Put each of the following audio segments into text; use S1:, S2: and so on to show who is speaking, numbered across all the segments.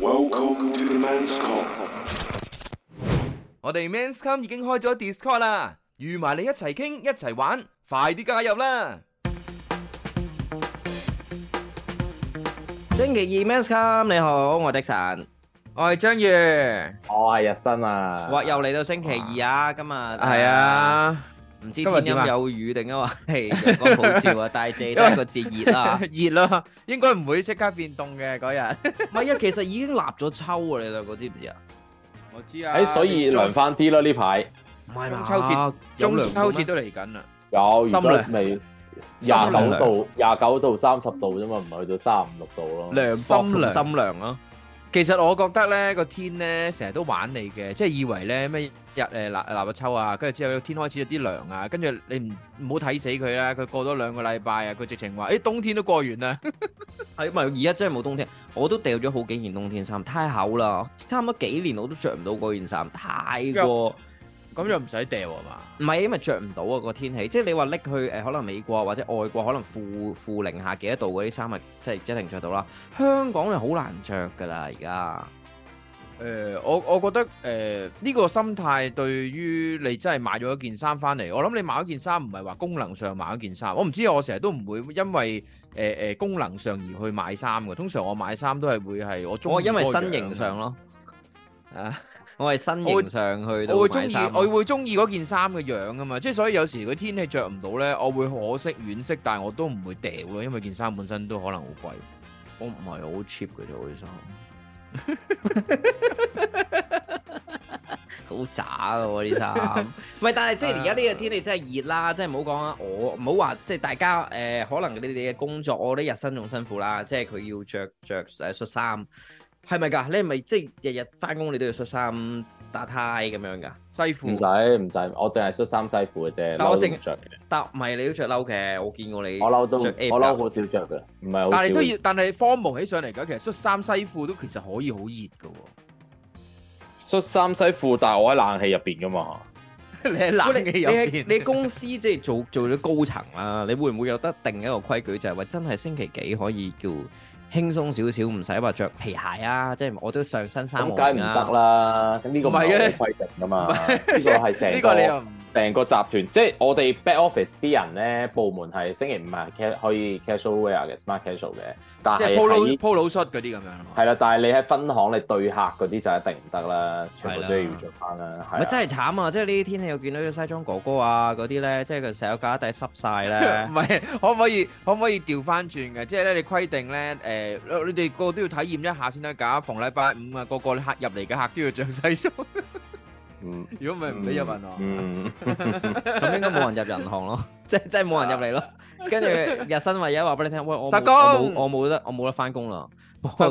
S1: Welcome to the men's come 我哋 men's come 已經開咗 Discord 啦，預埋你一齊傾一齊玩，快啲加入啦！星期
S2: 二 men's come 你好，我係的神，我係章魚，我係日新啊！哇，又嚟到星期二啊！哇今日係啊！啊唔知天陰有雨定啊
S1: 嘛，講胡椒啊，但係都係個節熱啦，熱咯，應該唔會即刻變凍嘅嗰日。唔係啊，其實已經立咗秋啊，你兩個知唔知啊？我知啊，誒，所以涼
S3: 翻啲咯呢排。
S1: 唔係嘛，秋節中秋
S3: 節都嚟緊啦。有而家未廿九度，廿九度三十度啫嘛，唔係去到三十五六度咯。涼心涼心
S1: 涼啊！其實我覺得咧個天咧成日都玩你嘅，即係以為咧咩？日誒，立立秋啊，跟住之後天開始有啲涼啊，跟住你唔唔好睇死佢啦，佢過咗兩個禮拜啊，佢直情話誒冬天都過完啦，係咪？而家真係冇冬天，
S2: 我都掉咗好幾件冬天衫，太厚啦，差唔多幾年我都着唔到嗰件衫，太過，咁又唔使掉啊嘛？唔係，因為着唔到啊個天氣，即係你話拎去誒，可能美國或者外國，可能負負零下幾多度嗰啲衫啊，即係一定着到啦。香港係好難
S1: 着噶啦而家。誒，我我覺得誒呢個心態對於你真係買咗一件衫翻嚟，我諗你買一件衫唔係話功能上買一件衫，我唔知我成日都唔會因為誒誒功能上而去買衫噶通常我買衫都係會係我中意。我因為身形上咯，啊，我係身形上去，我會中意，我會中意嗰件衫嘅樣㗎嘛，即係所以有時佢天氣着唔到咧，我會可惜惋惜，但係我都唔會掉咯，因為件衫本身都可能好貴，我唔係好 cheap 嘅啫，我啲衫。
S2: 好渣咯，呢啲衫。唔係，但係即係而家呢個天氣真係熱啦，即係唔好講啊，我唔好話即係大家誒、呃，可能你哋嘅工作，我呢日新仲辛苦啦。即係佢要着着誒恤衫，係咪噶？你係咪即係日日返工你都要恤衫打呔
S3: 咁樣噶？西褲唔使，唔使，我淨係恤衫西褲嘅啫。但我淨着嘅。但唔係你都着褸嘅，我見過你我。我褸都着。我褸好少着嘅，唔係。但係都要，
S1: 但係 formal 起上嚟嘅，其實恤衫西褲都其實可以好熱嘅。
S3: So, 三山西但係我喺冷氣入邊㗎嘛？ 你喺冷氣入
S2: 邊，你,你,你公司即係做做咗高層啦，你會唔會有得定一個規矩，就係、是、話真係星期幾可以叫？輕鬆少少，
S3: 唔使話着皮鞋啊！即係我都上身衫梗係唔得啦，唔係一定規定噶嘛。呢個係成個集團，即係我哋 back office 啲人咧，部門係星期五係可以 casual wear 嘅 smart casual 嘅。但係 polo
S1: polo shirt 嗰啲咁樣。
S3: 係啦，但係你喺分行你對客嗰啲就一定唔得啦，全部都要着
S1: 翻啦。
S2: 唔係真係慘啊！即係呢啲天氣，又見到啲西裝哥哥啊嗰啲咧，即係佢成日個底濕晒
S3: 咧。唔
S1: 係，可唔可以可唔可以調翻轉嘅？即係咧，你規定咧誒？誒、呃，你哋個個都要體驗一下先得噶，逢禮拜五啊，個，個個客入嚟嘅客都要着西裝、 嗯嗯。
S2: 嗯，如果唔係唔俾入銀行咯。嗯，咁應該冇人入銀行咯，
S1: 即係即係冇人
S2: 入嚟咯。跟住日新，唯一話俾你聽，喂，我大哥工，我冇，我冇得，我冇得翻工啦。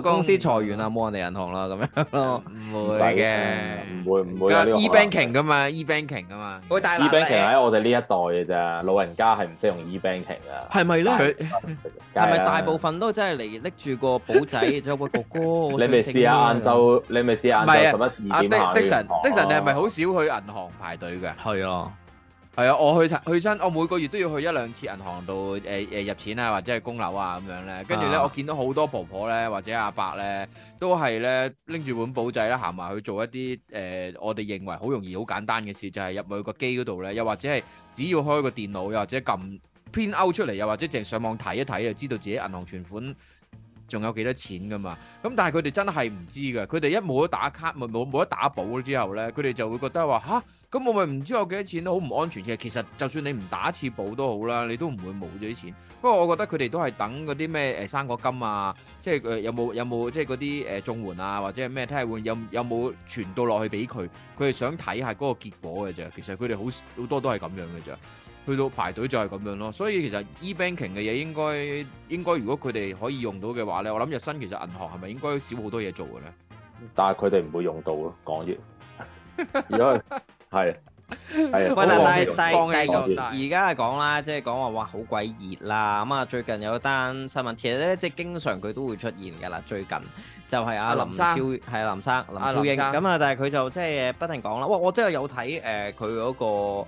S3: 公司裁員啊，冇人嚟銀行啦，咁樣咯，唔會嘅，唔會唔會。E banking
S1: 噶嘛，e banking 噶嘛。喂，大男，banking 喺
S3: 我哋呢一代嘅咋，老人家係唔識用 E banking 噶。係咪咧？佢係咪大部
S2: 分都真係嚟
S3: 拎住個簿仔，
S1: 再個哥哥。你咪試下晏晝，
S3: 你咪試下晏晝十一點行去銀行咯。的神，的神你係咪
S1: 好少去銀行排隊嘅？係啊。係啊，我去查去親，我每個月都要去一兩次銀行度，誒、呃、誒入錢啊，或者係供樓啊咁樣咧。跟住咧，我見到好多婆婆咧，或者阿伯咧，都係咧拎住本簿仔咧行埋去做一啲誒、呃，我哋認為好容易、好簡單嘅事，就係、是、入去個機嗰度咧，又或者係只要開個電腦，又或者撳 print out 出嚟，又或者淨係上網睇一睇，就知道自己銀行存款。仲有幾多錢噶嘛？咁但係佢哋真係唔知噶，佢哋一冇得打卡，冇冇冇得打簿之後咧，佢哋就會覺得話吓，咁我咪唔知我幾多錢，都好唔安全嘅。其實就算你唔打一次簿都好啦，你都唔會冇咗啲錢。不過我覺得佢哋都係等嗰啲咩誒生果金啊，即係有冇有冇即係嗰啲誒綜援啊，或者係咩睇下有有冇傳到落去俾佢，佢係想睇下嗰個結果嘅啫。其實佢哋好好多都係咁樣嘅啫。去到排隊就係咁樣咯，所以其實 e banking 嘅嘢應該應該，如果佢哋可以用到嘅話咧，我諗日新其實銀行係咪應該少好多嘢做嘅咧？
S3: 但係佢哋唔會用到咯，講啲，而
S1: 家係係。喂，但係但係而
S3: 家係講啦，即係講話
S2: 哇好鬼熱啦，咁啊最近有單新聞，其實咧即係經常佢都會出現㗎啦。最近就係阿林超，係林生林超英咁啊，但係佢就即係不停講啦。哇，我真係有睇誒佢嗰個。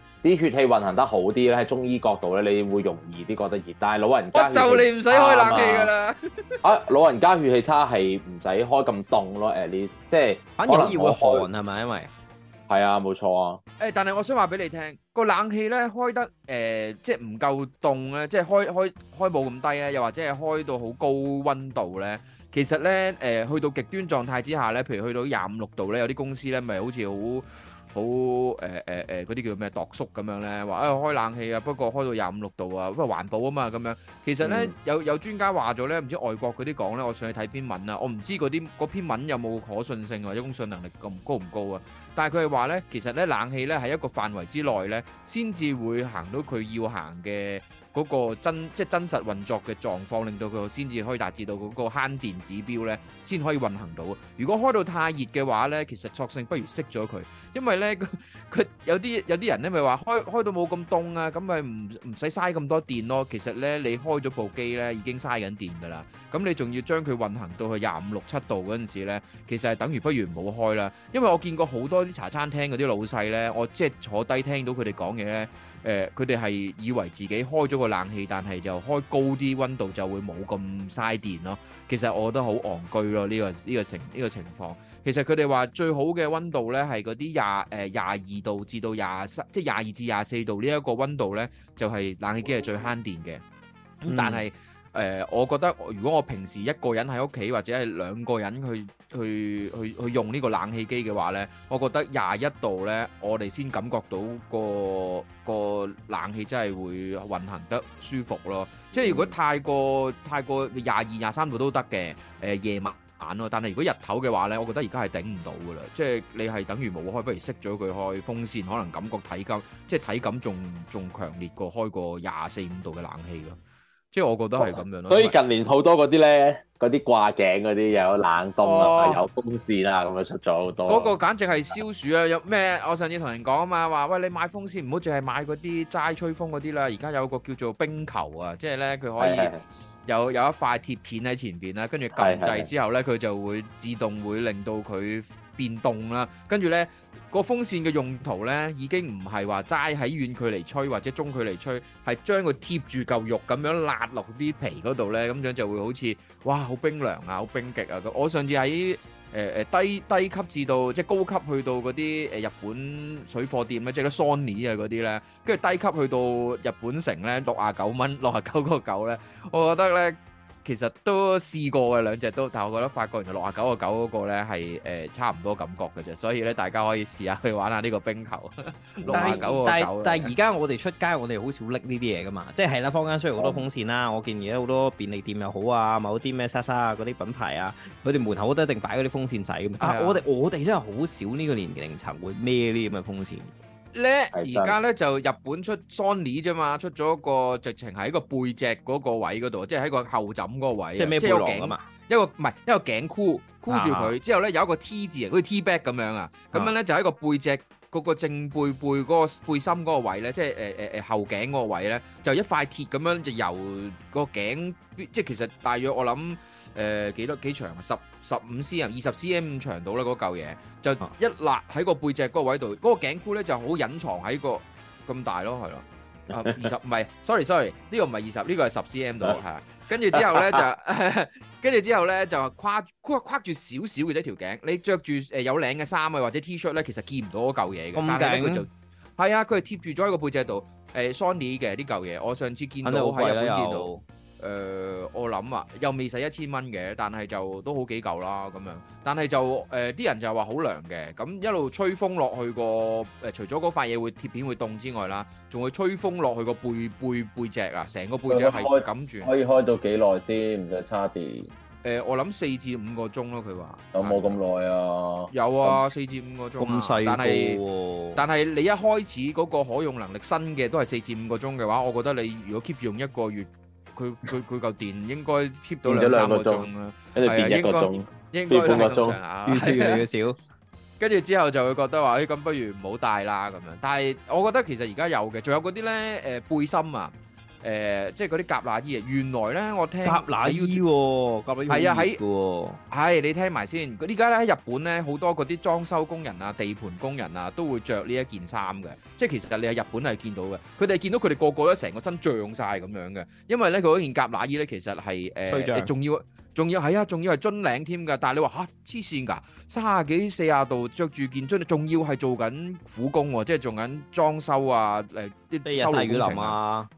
S3: 啲血氣運行得好啲咧，喺中醫角度咧，你會容易啲覺得熱。但係老人家，哦，就你唔使開冷氣㗎啦。 啊，老人家血氣差係唔使開咁凍咯 ，at least 即係反而會寒係咪？因為係啊，冇錯
S1: 啊。誒，但係我想話俾你聽，個冷氣咧開得誒，即係唔夠凍咧，即、就、係、是、開開開冇咁低咧，又或者係開到好高溫度咧，其實咧誒、呃，去到極端狀態之下咧，譬如去到廿五六度咧，有啲公司咧咪好似好。好，誒誒誒嗰啲叫咩度縮咁樣咧？話啊、哎、開冷氣啊，不過開到廿五六度啊，不過環保啊嘛咁樣。其實咧、嗯、有有專家話咗咧，唔知外國嗰啲講咧，我上去睇篇文啊，我唔知嗰啲篇文有冇可信性或者公信能力咁高唔高啊？但係佢係話咧，其實咧冷氣咧喺一個範圍之內咧，先至會行到佢要行嘅嗰個真即係真實運作嘅狀況令到佢先至可以達至到嗰個慳電指標咧，先可以運行到。如果開到太熱嘅話咧，其實索性不如熄咗佢，因為咧佢佢有啲有啲人咧咪話開開到冇咁凍啊，咁咪唔唔使嘥咁多電咯。其實咧你開咗部機咧已經嘥緊電㗎啦，咁你仲要將佢運行到去廿五六七度陣時咧，其實係等於不如冇開啦，因為我見過好多。啲茶餐廳嗰啲老細呢，我即係坐低聽到佢哋講嘢呢。誒、呃，佢哋係以為自己開咗個冷氣，但係就開高啲温度就會冇咁嘥電咯。其實我覺得好戇居咯，呢、呢個呢個情呢個情況。其實佢哋話最好嘅温度呢係嗰啲廿誒廿二度至到廿三，即係廿二至廿四度呢一個温度呢，就係、係、冷氣機係最慳電嘅。嗯、但係誒、呃，我覺得如果我平時一個人喺屋企或者係兩個人去。去去去用呢個冷氣機嘅話呢，我覺得廿一度呢，我哋先感覺到個個冷氣真係會運行得舒服咯。即係如果太過太過廿二廿三度都得嘅，誒、呃、夜晚眼咯。但係如果日頭嘅話呢，我覺得而家係頂唔到㗎喇。即係你係等於冇開，不如熄咗佢開風扇，可能感覺體感即係體感仲仲強烈過開個廿四五度嘅冷氣咯。即係我覺得係咁樣咯、哦，所以
S3: 近年好多嗰啲咧，嗰啲掛頸嗰啲又有冷凍啦，哦、有風扇啦，咁啊出咗好多。嗰個
S1: 簡直係消暑啊！ 有咩？我上次同人講啊嘛，話喂，你買風扇唔好淨係買嗰啲齋吹風嗰啲啦，而家有個叫做冰球啊，即係咧佢可以有是是是有,有一塊鐵片喺前邊啦，跟住撳掣之後咧，佢就會自動會令到佢。變凍啦，跟住咧個風扇嘅用途咧已經唔係話齋喺遠距離吹或者中距離吹，係將佢貼住嚿肉咁樣辣落啲皮嗰度咧，咁樣就會好似哇好冰涼啊，好冰極啊！我上次喺誒誒低低級至到即係高級去到嗰啲誒日本水貨店咧，即係 Sony 啊嗰啲咧，跟住低級去到日本城咧六十九蚊，六十九個九咧，我覺得咧。其實都試過嘅兩隻都，但係我覺得發覺原來六啊九個九嗰個咧係誒差唔多感覺嘅啫，所以咧大家可以試下去玩下呢個冰球。
S3: 六啊九個九。但係但係而
S1: 家我哋出街我哋好少拎呢啲嘢噶嘛，即係
S2: 啦，坊間雖然好多風扇啦，嗯、我見而家好多便利店又好啊，某啲咩莎莎啊嗰啲品牌啊，佢哋門口都一定擺嗰啲風扇仔。啊、哎呀，我哋我哋真係好少呢個年齡層會孭呢啲咁嘅風扇。
S1: 咧而家咧就日本出 Sony 啫嘛，出咗個直情係喺個背脊嗰個位嗰度，即係喺個後枕嗰個位，即係咩即係有頸啊嘛，一個唔係一個頸箍箍住佢，啊、之後咧有一個 T 字形，好似 Tback 咁樣啊，咁樣咧就喺個背脊。個個正背背嗰個背心嗰個位咧，即係誒誒誒後頸嗰個位咧，就一塊鐵咁樣就由個頸，即係其實大約我諗誒、呃、幾多幾長啊？十十五 cm, cm 左右左右、二十 cm 咁長度啦，嗰嚿嘢就一立喺個背脊嗰個位度，嗰、嗰個頸箍咧就好隱藏喺個咁大咯，係咯、啊，啊二十唔係，sorry sorry，呢個唔係二十，呢個係十 cm 度。係。跟住之後咧就，跟住之後咧就誒跨跨住少少嘅一條頸，你着住誒、呃、有領嘅衫啊或者 T 恤咧，shirt，其實見唔到嗰嚿嘢嘅，但係咧佢就係啊，佢係貼住咗喺個背脊度，誒、呃、Sony 嘅呢嚿嘢，我上次見到喺日本見到。誒，我諗啊，又未使一千蚊嘅，但係就都好幾嚿啦咁樣。但係就誒，啲人就話好涼嘅，咁一路吹風落去個誒，除咗嗰塊嘢會貼片會凍之外啦，仲會吹風落去個背背背脊啊，成個背脊係可以咁住。可以開到幾耐先唔使叉電？誒，我諗四至五個鐘咯，佢話。
S3: 有冇咁耐啊？有啊，四至五個鐘。咁細個喎？但係，
S1: 但係你一開始嗰個可用能力新嘅都係四至五個鐘嘅話，我覺得你如果 keep 住用一個月。佢佢佢嚿電應該 keep 到兩三個鐘啦，跟住的變咗一個鐘，三該個鐘，越嚟越少，跟住 之後就會覺得話，哎、欸，咁不如唔好帶啦咁樣。但係我覺得其實而家有嘅，仲有嗰啲咧，誒、呃、背心啊。誒，即係嗰啲夾乸衣啊！原來咧，我聽夾乸衣喎，係啊，喺係你聽埋先。佢而家咧喺日本咧，好多嗰啲裝修工人啊、地盤工人啊，都會著呢一件衫嘅。即係其實你喺日本係見到嘅，佢哋見到佢哋個個都成個身漲曬咁樣嘅，因為咧佢嗰件夾乸衣咧其實係誒，仲要仲要係啊，仲要係樽領添㗎。但係你話嚇黐線㗎，三十幾四十度著住件樽，仲要係做緊苦工，即係做緊裝修啊，誒啲修路工程啊。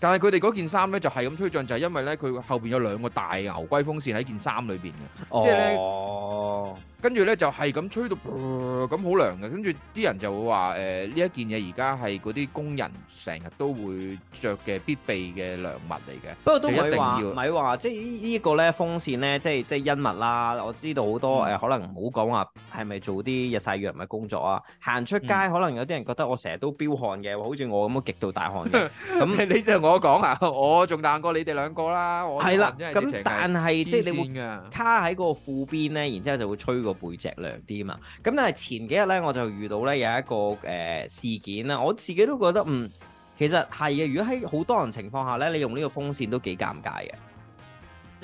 S1: 但係佢哋嗰件衫咧就係咁吹脹，就係、就是、因為咧佢後邊有兩個大牛龜風扇喺件衫裏邊嘅，即係咧。跟住咧就係咁吹到噉好涼嘅，跟住啲人就會話誒呢一件嘢而家係嗰啲工人成日都會着嘅必備嘅涼物嚟嘅。不過都唔係話唔係話，即係呢呢個咧風扇咧，即係即係恩物
S2: 啦。我知道好多誒、嗯呃，可能唔好講話係咪做啲日曬雨淋嘅工作啊，行出街、嗯、可能有啲人覺得我成日都飆汗嘅，好似我咁啊極度大汗嘅。咁 你哋我講啊，我仲難過你哋
S1: 兩個啦。係啦是，咁但係即係你會
S2: 攤喺個褲邊咧，然之後就會吹。背脊涼啲嘛。咁但係前幾日咧，我就遇到咧有一個誒、呃、事件啦，我自己都覺得嗯，其實係嘅。如果喺好多人情況下咧，你用呢個風扇都幾尷尬嘅。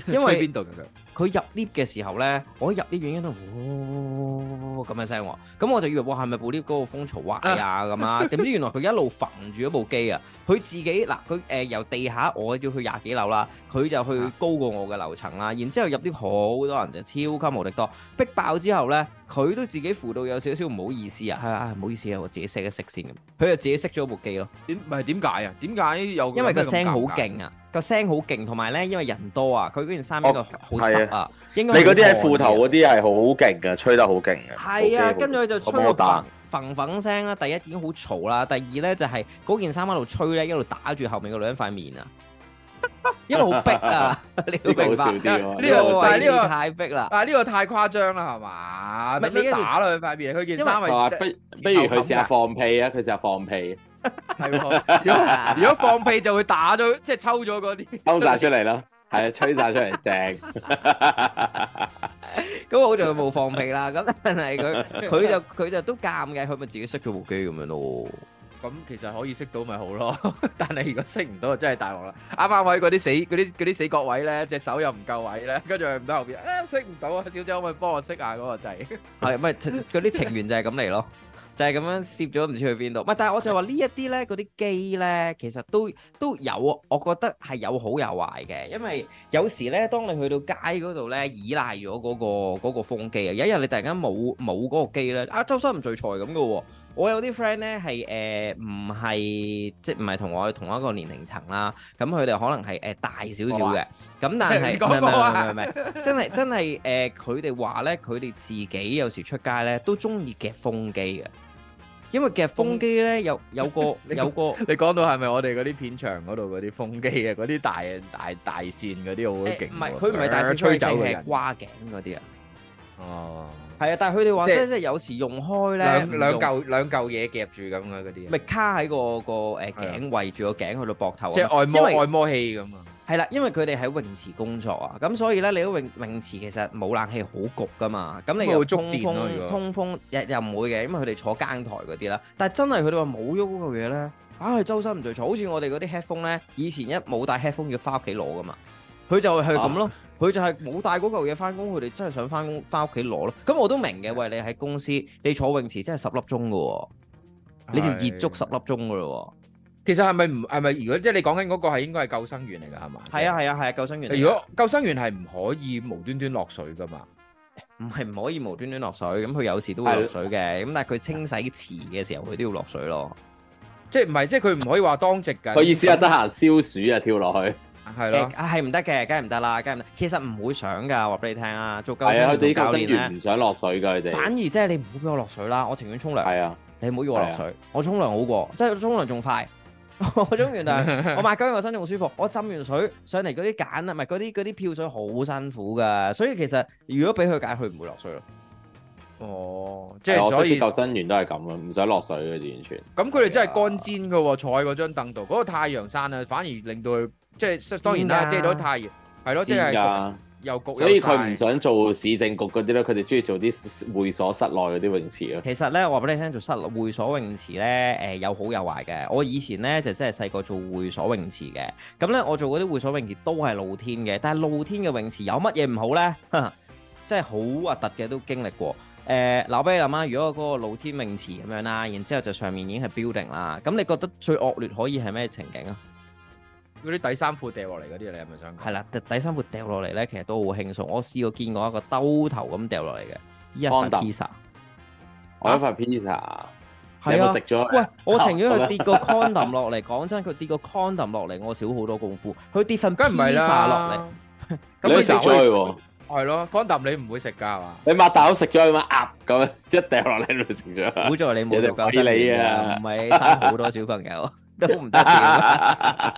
S2: 因為邊度佢入 lift 嘅時候咧，我入 lift 已經都哦咁嘅聲，咁我就以為哇係咪部 lift 嗰個
S1: 風槽壞啊咁啊？點
S2: 知 原來佢一路縫住一部機啊！佢自己嗱佢誒由地下我要去廿幾樓啦，佢就去高過我嘅樓層啦。然之後入 lift 好多人就超級冇力多，逼爆之後咧，佢都自己扶到有少少唔好意思啊！係啊，唔好意思啊，我自己熄一熄先咁，佢就自己熄咗部機咯。點係點解啊？點解有因為個聲好勁啊？個聲好勁，同埋咧，因為人多啊，佢件衫喺度好濕啊。你應該你嗰啲係褲頭嗰
S3: 啲係好勁嘅，吹得好勁嘅。係啊，跟住佢就吹個
S2: 嘭嘭聲啦。第一已經好嘈啦，第二咧就係嗰件衫喺度吹咧，一路打住後面嗰兩塊面
S1: 啊，因為好逼啊。你明白？呢個太呢個太逼啦，啊呢個太誇張啦，係嘛？你打落去塊面？佢件衫咪？不如佢成日
S3: 放屁啊，佢成日放屁。係，如果如果放屁
S1: 就會打咗，即係抽咗嗰啲，抽晒出
S3: 嚟咯。係啊，吹晒出嚟正。
S2: 咁我好在佢冇放屁啦。咁但係佢，佢就佢就都尷嘅，佢咪自己熄咗部機咁樣咯。
S1: 咁其實可以熄到咪好咯？但係如果熄唔到就真係大鑊啦。啱啱位嗰啲死嗰啲嗰啲死角位咧，隻手又唔夠位咧，跟住唔到後邊啊，熄唔到啊，小姐可唔可以幫我熄下嗰個掣？
S2: 係咪嗰啲情緣就係咁嚟咯？就係咁樣攝咗唔知去邊度，唔係，但係我就話呢一啲咧，嗰啲機咧，其實都都有，我覺得係有好有壞嘅，因為有時咧，當你去到街嗰度咧，依賴咗嗰個嗰個風機啊，有一日你突然間冇冇嗰個機咧，啊周身唔聚財咁嘅喎，我有啲 friend 咧係誒唔係即係唔係同我同一個年齡層啦，咁佢哋可能係誒大少少嘅，咁、啊、但係唔真係真係誒，佢哋話咧，佢哋自己有時出街咧都中意夾風機嘅。
S1: 因為其實風機咧有有個有個，有個 你講到係咪我哋嗰啲片場嗰度嗰啲風機啊？嗰啲大大大扇嗰啲好勁，唔係佢唔係大扇、呃、吹走嘅人，係瓜
S2: 頸嗰啲人。哦，係啊，但係佢哋話即係即係有時用開咧，兩用兩嚿兩
S1: 嚿嘢夾住咁啊嗰啲，
S2: 咪卡喺個個誒頸圍住個頸去的到膊頭，即係按摩按摩器咁啊。係啦，因為佢哋喺泳池工作啊，咁所以咧，你喺泳泳池其實冇冷氣，好焗噶嘛。咁你又通風，啊、通風又又唔會嘅，因為佢哋坐更台嗰啲啦。但係真係佢哋話冇喐嗰嚿嘢咧，唉、哎，周身唔聚財。好似我哋嗰啲 headphone 咧，以前一冇帶 headphone 要翻屋企攞噶嘛。佢就係咁咯，佢、啊、就係冇帶嗰嚿嘢翻工，佢哋真係想翻翻屋企攞咯。咁我都明嘅，的喂，你喺公司，你坐泳池真係十粒鐘噶喎，你就熱足
S1: 十粒鐘噶咯喎。的其實係咪唔係咪？如果即係你講緊嗰個係應該係救生員嚟㗎係嘛？係啊係啊係啊，救生員。如果救生員係唔可以無端端落水噶
S2: 嘛？唔係唔可以無端端落水。咁佢有時都會落水嘅。咁的但係佢清洗池
S3: 嘅時候，佢都要落水咯。
S1: 即係唔係？即係佢唔可以話當值噶。佢意思係得閒消暑
S3: 啊，跳落去係咯。
S2: 係唔得嘅，梗係唔得啦，梗係唔得。其實唔會想噶，話俾你聽啊。做救係啊，佢啲救生員唔
S3: 想落水噶，佢哋反而即係你唔好叫我落水啦，我情願沖涼。係
S2: 啊的，你唔好要我落水，的我沖涼好過，即係沖涼仲快。 原我種完啦，我抹乾個身仲舒服。我浸完水上嚟嗰啲揀啊，唔係嗰啲嗰啲漂水好辛苦噶。所以其實
S1: 如果俾佢揀，佢唔會落水咯。哦，即係所以救
S3: 生員都係咁嘅，唔使落水嘅完全。
S1: 咁佢哋真係乾煎嘅喎，Yeah. 坐喺嗰張凳度，嗰、那個太陽傘啊，反而令到佢即係當然啦、啊，啊、遮到太陽係咯，即係、哦。所以佢唔
S3: 想做市政局嗰啲咧，佢哋中意做啲會所室內嗰啲泳池咯。其
S2: 實咧，我話俾你聽，做室會所泳池咧，誒、呃、有好有壞嘅。我以前咧就真係細個做會所泳池嘅，咁咧我做嗰啲會所泳池都係露天嘅。但係露天嘅泳池有乜嘢唔好咧？即係好核突嘅都經歷過。誒、呃，嗱俾你諗下，如果嗰個露天泳池咁樣啦，然之後就上面已經係 building 啦，咁你覺得最惡劣可以係咩情景啊？
S1: 嗰啲底衫褲掉落嚟嗰啲，你係咪想？
S2: 係啦，底衫褲掉落嚟咧，其實都好輕鬆。我試過見過一個兜頭咁掉落嚟嘅，一塊披薩，我一塊披薩，
S1: 係呀，食咗？喂，我情願佢跌個 condom
S2: 落嚟。講真，佢跌個 condom 落嚟，我少好
S3: 多功夫。佢
S1: 跌份梗唔係啦，咁你食咗？係咯，condom 你唔會食噶係嘛？
S3: 你擘大口食咗佢嘛？鴨咁即係掉落嚟，你食咗？好在你冇做教妻啊，唔係生好多小朋友。
S1: 都唔得，咁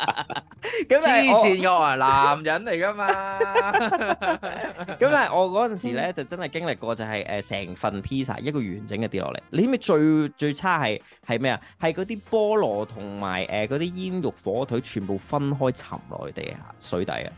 S1: 黐線嘅，我係男人嚟噶嘛，咁係、 就是、我嗰
S2: 陣時咧就真係經歷過就係誒成份披 i 一個完整嘅跌落嚟，你知唔知最最差係係咩啊？係嗰啲菠蘿同埋誒嗰啲煙肉火腿全部分開沉落去地下水底啊！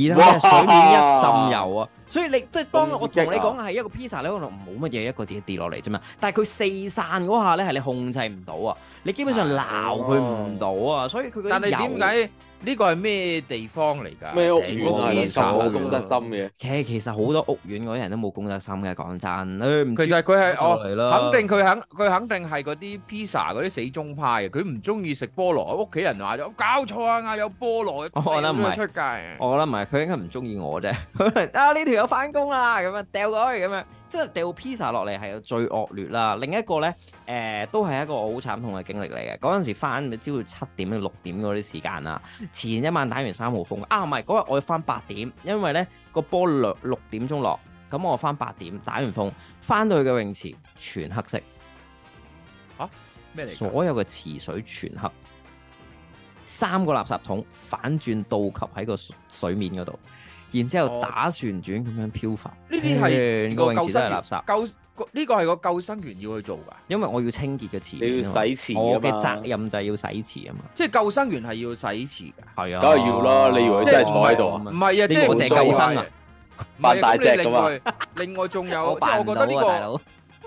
S2: 水面一浸油啊。哈哈，所以你即係、就是、當我同你講係一個 pizza 咧、啊，可能冇乜嘢一個跌跌落嚟啫嘛。但係佢四散嗰下咧，係你控制唔到啊，你基本上鬧佢唔到啊，哇 所以佢嘅油但你你。但係點解？呢
S1: 個係咩地方嚟㗎？咩屋苑啊？披薩冇公德心
S2: 嘅，其實其實好多屋苑嗰啲人都冇公德心嘅。講真，誒、欸、其實佢係哦，肯定佢
S1: 肯佢肯定係嗰啲披薩嗰啲死忠派啊！佢唔中意食菠蘿，屋企人話咗，搞錯啊！有菠蘿，我覺得唔會出街。
S2: 我覺得唔係，佢應該唔中意我啫。
S1: 啊，呢條友返工啦，
S2: 咁啊掉佢咁樣。即係掉 pizza 落嚟係最惡劣啦，另一個呢，誒、呃、都係一個好慘痛嘅經歷嚟嘅。嗰陣時翻你朝早七點到六點嗰啲時間啦，前一晚打完三號風啊，唔係，嗰日我要翻八點，因為呢個波兩六點鐘落，咁我翻八點打完風，翻到去嘅泳池全黑色，咩嚟、啊？所有嘅池水全黑，三個垃圾桶反轉倒吸喺個水面嗰度。然之後打旋轉咁樣漂浮，
S1: 呢啲係個救生員，救呢個係個救生員要去做噶。因為我要清潔嘅池，你要洗池，我嘅責
S2: 任就係要洗池啊嘛。
S1: 即係救生員係要洗池噶，
S2: 係啊，
S3: 梗係要啦。你以為真係坐喺度啊？唔係啊，即係我淨救生啊，擘大隻咁啊。
S1: 另外仲有，即係我覺得呢個。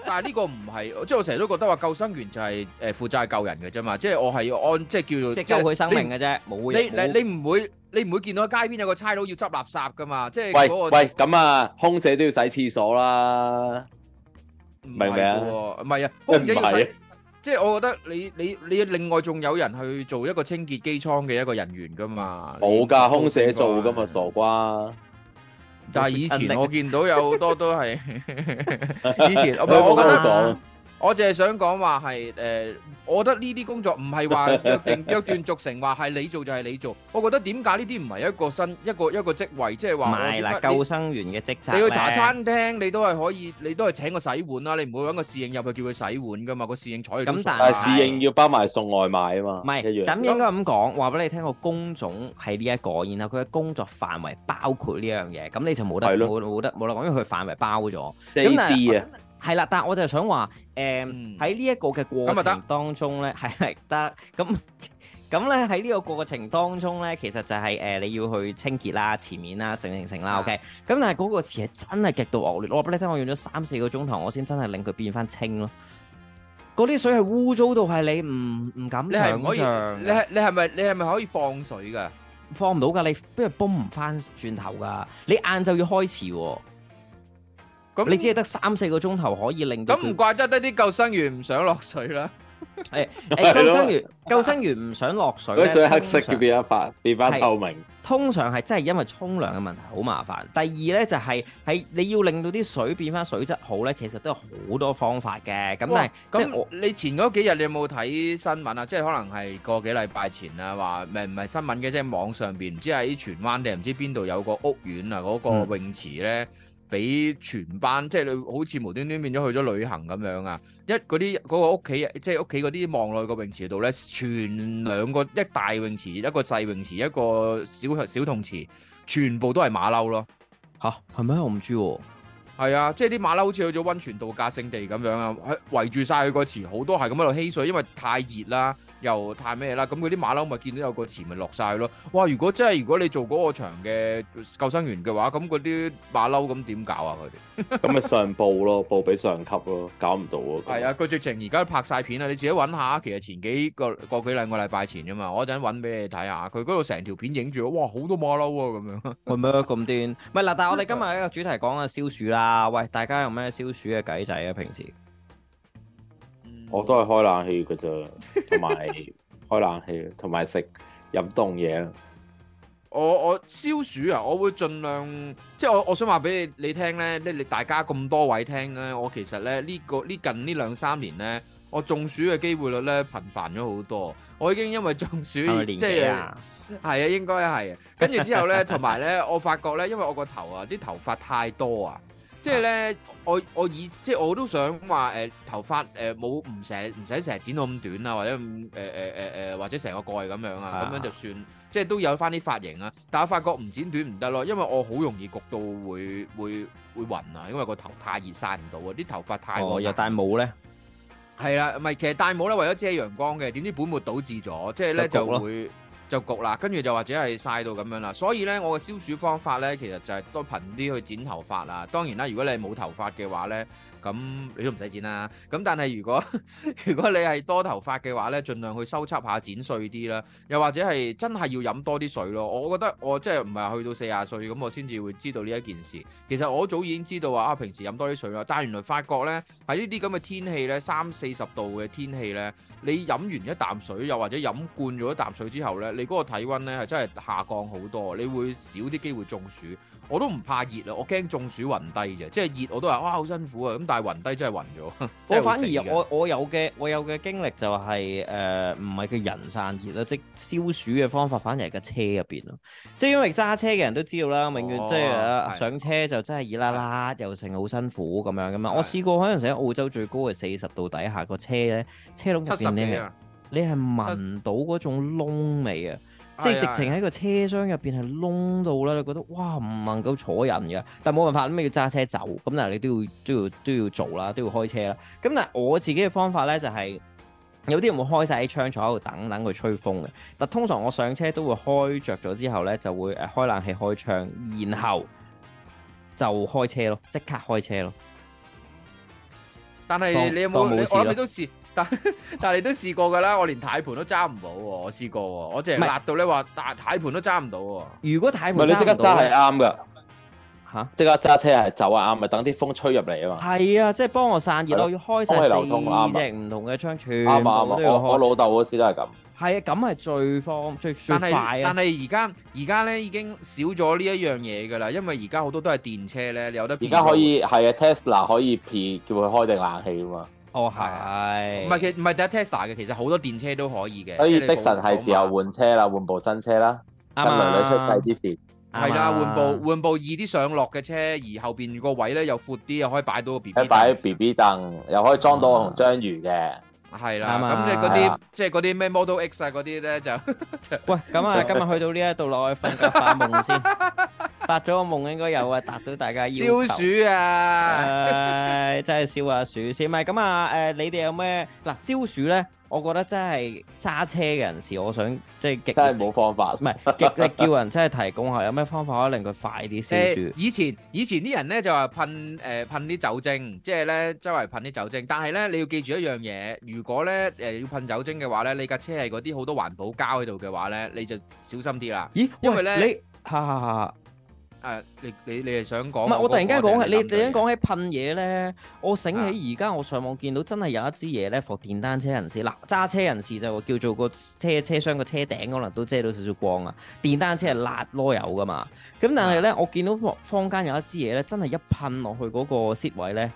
S1: 但係呢個唔係，即係我成日都覺得話救生員就係誒負責救人嘅啫嘛，即係我係要按即係叫做救佢生命嘅啫。你你你唔會你唔會見到街邊有個差佬要執垃圾噶嘛？即係喂喂，咁啊，空姐
S3: 都要洗廁所啦，明唔明啊？唔
S1: 係啊，空姐
S3: 要
S1: 洗，即係我覺得你你你另外仲有人去做一個清潔機艙嘅一個人員噶嘛？冇噶，空姐做噶
S3: 嘛，傻瓜。但係以前我
S1: 見到有好多都係 以前我唔係我覺得。我淨係想講話係誒，我覺得呢啲工作唔係話約定約定俗成話係你做就係你做。我覺得點解呢啲唔係一個新、一個一個職位，即係話。埋啦，救
S2: 生員嘅職責。你去茶餐
S1: 廳，嘛你都係可以，你都係請個洗碗啦，你唔會揾個侍應入去叫佢洗碗噶嘛，個侍應坐佢。咁但
S2: 係侍應
S3: 要包埋送外賣啊嘛，
S2: 唔但樣。咁應該咁講，話俾你聽個工種係呢一個，然後佢嘅工作範圍包括呢一樣嘢，咁你就冇得冇得冇得講，的因為佢範圍包咗。即係啊！是係啦、啊，但係我就想話，誒、呃，喺呢一個嘅過程當中咧，係係得咁咁咧，喺呢個過程當中咧、嗯， 其實就係、是、誒、uh, 你要去清潔啦、前面啦、成成成啦，OK、啊。咁但係嗰個池係真係極度惡劣。我話俾你聽，我用咗三四個鐘頭，我先真係令佢變翻清咯。嗰啲水係污糟到係你唔唔敢，
S1: 你係咪你係咪可以放水噶？
S2: 放唔到噶，你不如泵唔翻轉頭噶，你晏晝要開池、啊。咁你只係得三四個鐘頭可以令到咁，唔
S1: 怪得得啲救生員唔想落水啦。誒誒，救生員救生員唔想落水咧，水黑色變一白，變
S2: 翻透明。通常係真係因為沖涼嘅問題好麻煩。第二咧就係係你要
S1: 令到啲水變翻水質好咧，其實都有好多方法嘅。咁但係咁你前嗰幾日你有冇睇新聞啊？即係可能係個幾禮拜前啊，話唔係唔係新聞嘅，即係網上邊唔知喺荃灣定唔知邊度有個屋苑啊，嗰個泳池咧。俾全班即係你好似無端端變咗去咗旅行咁樣啊！一嗰啲嗰個屋企即係屋企嗰啲望落去個泳池度咧，全兩個一大泳池、一個細泳池、一個小小童池，全部都係馬騮咯！吓係咪我唔知喎？係啊，即係啲馬騮好似去咗温泉度假勝地咁樣啊！圍住晒佢個池，好多係咁喺度嬉水，因為太熱啦。又太咩啦？咁嗰啲馬騮咪見到有個池咪落曬咯？哇！如果真係如果你做嗰個場嘅救生員嘅話，咁嗰啲馬騮咁點搞啊？佢哋
S3: 咁咪上報咯，報俾上級咯，搞唔到啊！係
S1: 啊，佢直情而家拍曬片啦，你自己揾下。其實前幾個、個幾兩個禮拜前啫嘛，我一陣揾俾你睇下。佢嗰度成條片影住啊！哇，好多馬騮啊，咁樣。咩咁癲？唔係啦，但係我哋今日呢個主題講緊消
S2: 暑
S3: 啦。喂，大家有咩消暑嘅計仔啊？平時？我都係開冷氣嘅啫，同埋開冷氣，同埋 食飲凍嘢。
S1: 我我消暑啊，我會盡量，即係我我想話俾你你聽咧，即係你大家咁多位聽咧，我其實咧呢、呢個呢近呢兩三年咧，我中暑嘅機會率咧頻繁咗好多。我已經因為中暑而即係，係啊、即係、啊應該係。跟住之後咧，同埋咧，我發覺咧，因為我個頭啊啲頭髮太多啊。即係咧，我以、就是、我以即係我都想話誒、呃，頭髮誒冇，唔成唔使成日剪到咁短啊，或者咁誒誒誒誒，或者成個蓋咁樣啊，咁樣就算，即係都有翻啲髮型啊。但係我發覺唔剪短唔得咯，因為我好容易焗到會會會暈啊，因為個頭太熱晒唔到啊，啲頭髮太耐。哦、呃，又戴帽咧？係啦，唔係其實戴帽咧，為咗遮陽光嘅，點知本末倒置咗，即係咧就會、是。就就焗啦，跟住就或者係曬到咁樣啦，所以呢，我嘅消暑方法呢，其實就係多頻啲去剪頭髮啦。當然啦，如果你冇頭髮嘅話呢，咁你都唔使剪啦。咁但係如果如果你係多頭髮嘅話呢，盡量去收葺下，剪碎啲啦。又或者係真係要飲多啲水咯。我覺得我即係唔係去到四十歲咁，我先至會知道呢一件事。其實我早已經知道話啊，平時飲多啲水咯。但係原來發覺呢，喺呢啲咁嘅天氣呢，三四十度嘅天氣呢。你飲完一啖水，又或者飲灌咗一啖水之後咧，你嗰個體温咧係真係下降好多，你會少啲機會中暑。我都唔怕熱啊，我驚中暑暈低嘅，即係熱我都話哇好辛苦啊，咁但係暈低真係暈咗。我反而我有我有嘅我有嘅
S2: 經歷就係誒唔係個人散熱啦，即係消暑嘅方法反而係架車入邊咯。即係因為揸車嘅人都知道啦，哦、永遠即、啊、係的上車就真係熱啦，啦又成好辛苦咁樣噶嘛。的我試過可能成喺澳洲最高嘅四十度底下個車咧，車窿入邊你係聞到嗰種窿味啊！即係直情喺個車廂入邊係窿到啦，你覺得哇唔能夠坐人嘅，但冇辦法，咩你要揸車走，咁但係你都要都要都要做啦，都要開車啦。咁但係我自己嘅方法咧，就係有啲人會開晒啲窗坐喺度等等佢吹風嘅。但通常我上車都會開着咗之後咧，就會誒開冷氣開窗，然後就開車咯，即刻開車咯。
S1: 但係你有冇冇我係但但你都試過噶啦，我連軚盤都揸唔到喎，我試過喎，我淨係辣到咧話但軚盤都揸唔到喎。如果軚
S3: 唔係你即刻揸係啱噶，吓即刻揸車係走啊，咪等啲風吹入嚟啊嘛。
S2: 係啊，即係幫我散熱咯，要開晒四隻唔
S3: 同嘅窗，全啲嘢開。我老豆嗰時都係咁。
S2: 係啊，咁係最方最但係但
S1: 係而家而家咧已經少咗呢一樣嘢噶啦，因為而家好多都係電車咧，有得而家可以
S3: 係啊，Tesla 可以辟叫佢開定冷氣啊嘛。
S1: 哦係，唔係其唔係 Tesla 嘅，其實好多電車都可以嘅。所以的神係時候
S3: 換車啦，換部新車啦，趁女女出世之
S1: 前。係啦，換部換部易啲上落嘅車，而後邊個位咧又闊啲，又可以擺到個 BB。擺
S3: BB 凳，又可以裝到我同章魚嘅。係啦，
S2: 咁
S1: 即係嗰啲即係嗰啲咩 Model X 啊嗰啲咧就。喂，咁啊，今日去到呢一
S2: 度落去瞓，發夢先。發咗個夢，應該有啊達到大家要消暑啊！誒，真係消下暑先咪咁啊！誒，你哋有咩嗱消暑咧？我覺得真係揸車嘅人士，我想即係極力真係冇方法，唔係極力叫人真係提供下有咩方法可以令佢快啲消暑。以
S1: 前以前啲人咧，就話噴誒噴啲酒精，即係咧周圍噴啲酒精。但係咧你要記住一樣嘢，如果咧誒要噴酒精嘅話咧，你架車係嗰啲好多環保膠喺度嘅話咧，你就小心啲啦。咦？因為咧吓吓吓。誒，你你你係想講、那個？唔係，我突然間講係，你你想
S2: 講起噴嘢咧，我醒起而家我上網見到真係有一支嘢咧，駁電單車人士，嗱揸車人士就叫做個車車廂個車頂可能都遮到少少光啊，電單車係辣攞油㗎嘛，咁、嗯、但係咧、啊、我見到坊間有一支嘢咧，真係一噴落去嗰個 seat 位咧，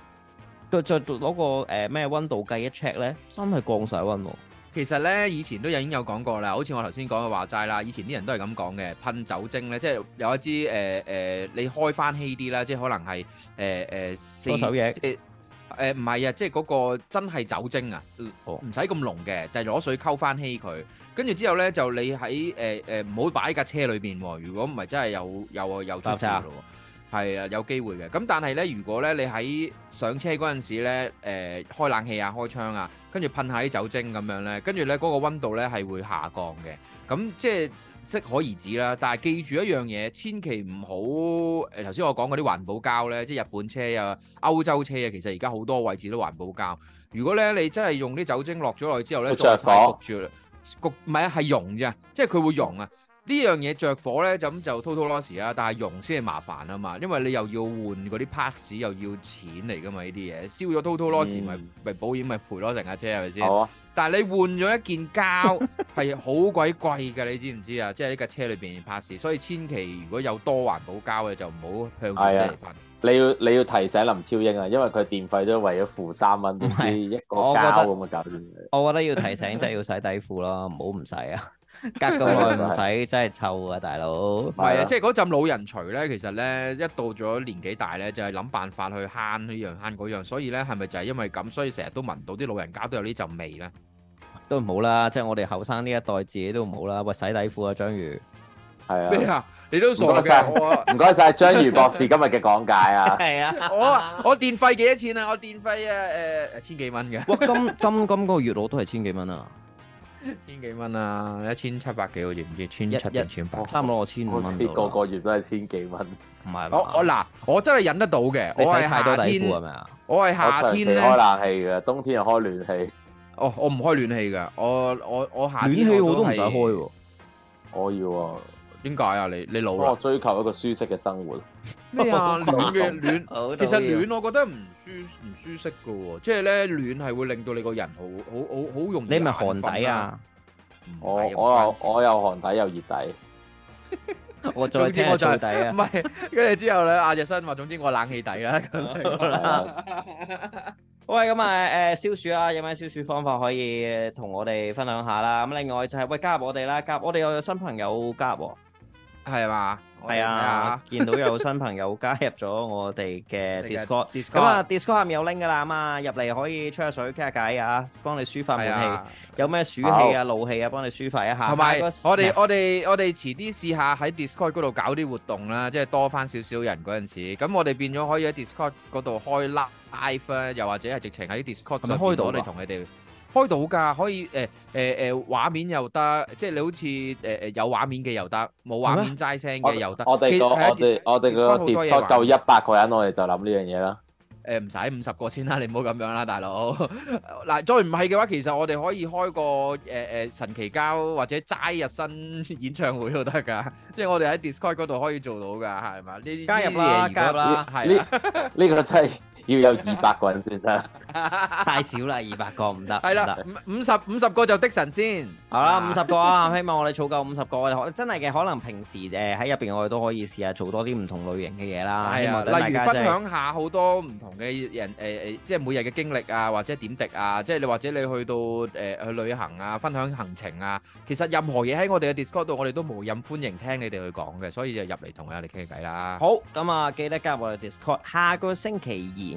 S2: 佢再攞個誒咩溫度計一 check 咧，真係降
S1: 晒溫喎。其實咧，以前都有已經有講過啦，好似我頭先講嘅話齋啦，以前啲人都係咁講嘅，噴酒精咧，即係有一支誒誒、呃呃，你開翻稀啲啦，即係可能係誒誒，四、呃、手嘢，即係唔係啊，即係嗰個真係酒精啊，唔使咁濃嘅，就攞水溝翻稀佢，跟住之後咧就你喺誒誒唔好擺喺架車裏邊喎，如果唔係真係有又又出事啦。係啊，有機會嘅。咁但係咧，如果咧你喺上車嗰陣時咧，誒、呃、開冷氣啊，開窗啊，跟住噴下啲酒精咁樣咧，跟住咧嗰個溫度咧係會下降嘅。咁即係適可而止啦。但係記住一樣嘢，千祈唔好誒頭先我講嗰啲環保膠咧，即係日本車啊、歐洲車啊，其實而家好多位置都環保膠。如果咧你真係用啲酒精落咗落去之後咧，再焗住焗，唔係啊，係溶啫，即係佢會溶啊。樣呢樣嘢着火咧，就 t t o 咁 l 滔滔 s 事啊！Loss，但係用先係麻煩啊嘛，因為你又要換嗰啲 p a s s 又要錢嚟噶嘛呢啲嘢。燒咗 total 滔羅 s 咪咪、嗯、保險咪賠咯，成架車係咪先？是是啊、但係你換咗一件膠係好鬼貴㗎，你知唔知啊？即係呢架車裏邊 p a s s 所以千祈如果有多環保膠嘅就唔好向佢哋問。
S3: 你要你要提醒林超英啊，因為佢電費都為咗付三蚊，唔知是一個膠咁嘅搞錢。 我
S2: 覺得要提醒就係、是、要洗底褲咯，唔好唔使啊！
S1: 隔個耐唔使
S3: 真係
S2: 臭的啊，大佬！係啊，即係嗰
S1: 陣老人除咧，其實咧，一到咗年紀大咧，就係、是、諗辦法去慳呢樣慳嗰樣，所以咧係咪就係因為咁，所以成日都聞到啲老人家都有呢陣味咧？
S2: 都唔好啦，即係我哋後生呢一代自己都唔好啦。喂，洗底褲啊，章魚係啊，啊，
S1: 你都傻嘅。唔該晒，唔該晒，
S2: 章 魚博士今日嘅講解啊。係啊
S3: ，
S1: 我我電費幾多錢啊？我電費啊，誒誒、呃、千幾
S2: 蚊嘅。哇，今今今嗰個月我都係
S1: 千幾蚊啊！ 千幾蚊啊？一千七百幾個月唔知，千七定千八，差唔多我千五蚊度。個個月都係千幾蚊，唔係。我我嗱，我真係忍得到嘅。你着太多底褲，係咪啊？
S3: 我係夏天咧開冷氣嘅，冬天又開暖氣。哦，我唔開暖氣嘅，
S1: 我我我，我夏天我都唔使開。
S3: 我要啊。
S1: 點解啊？你你老咯？我追求一個舒適嘅生活
S3: 咩啊？暖嘅暖，其實暖，我
S1: 覺得唔舒唔舒適噶，即係咧暖係會令到你個人好好好好容易。你咪寒底啊？我我又我又寒底又熱底。
S3: 我總之我就底啊，唔
S1: 係跟住之後咧，阿日新話，總之我冷氣底啦。
S2: 喂，咁啊誒，消暑啊，有咩消暑方法可以同我哋分享下啦？咁另外就係喂加入我哋啦，加入我哋又有新朋友加入。係嘛？係啊！見到有新朋友加入咗我哋嘅 Discord，咁啊 Discord 下面有 link 噶啦，咁啊入嚟可以吹下水、傾下偈啊，幫你抒發悶氣，啊、
S1: 有咩暑氣啊、怒氣啊，幫你抒發一下。同埋我哋、啊、我哋我哋遲啲試下喺 Discord 嗰度搞啲活動啦，即係多翻少少人嗰陣時，咁我哋變咗可以喺 Discord 嗰度開 live、啊、又或者係直情喺 Discord 上我哋同佢哋。開到噶，可以誒誒誒，畫面又得，即係你好似誒誒有畫面嘅又得，冇畫面齋聲嘅又得。我哋個我哋個 Discord 夠一
S3: 百個人，我哋就諗呢樣嘢啦。
S1: 誒，唔使五十個先啦，你唔好咁樣啦，大佬。嗱，再唔係嘅話，其實我哋可以開個誒誒神奇膠或者齋日新演唱會都得噶，即係我哋喺 Discord 嗰度可以做到噶，係嘛？加入啦，加入啦，係
S3: 呢個真。要有二百個人先得，太少啦，二百個唔得。係啦，
S1: 五
S2: 十五十個就的神先。係啦，五十個啊，希望我哋儲夠五十個。真係嘅，可能平時誒喺入邊我哋都可以試下做多啲唔同類型嘅嘢啦。係啊，例如分享
S1: 下好多唔同嘅人誒誒，即係每日嘅經歷啊，或者點滴啊，即係你或者你去到誒去旅行啊，分享行程啊。其實任何嘢喺我哋嘅 Discord 度，我哋都無任歡迎聽你哋去講嘅，所以就入嚟同我哋傾偈啦。好，咁啊，記得加入我哋 Discord。下個星
S2: 期二。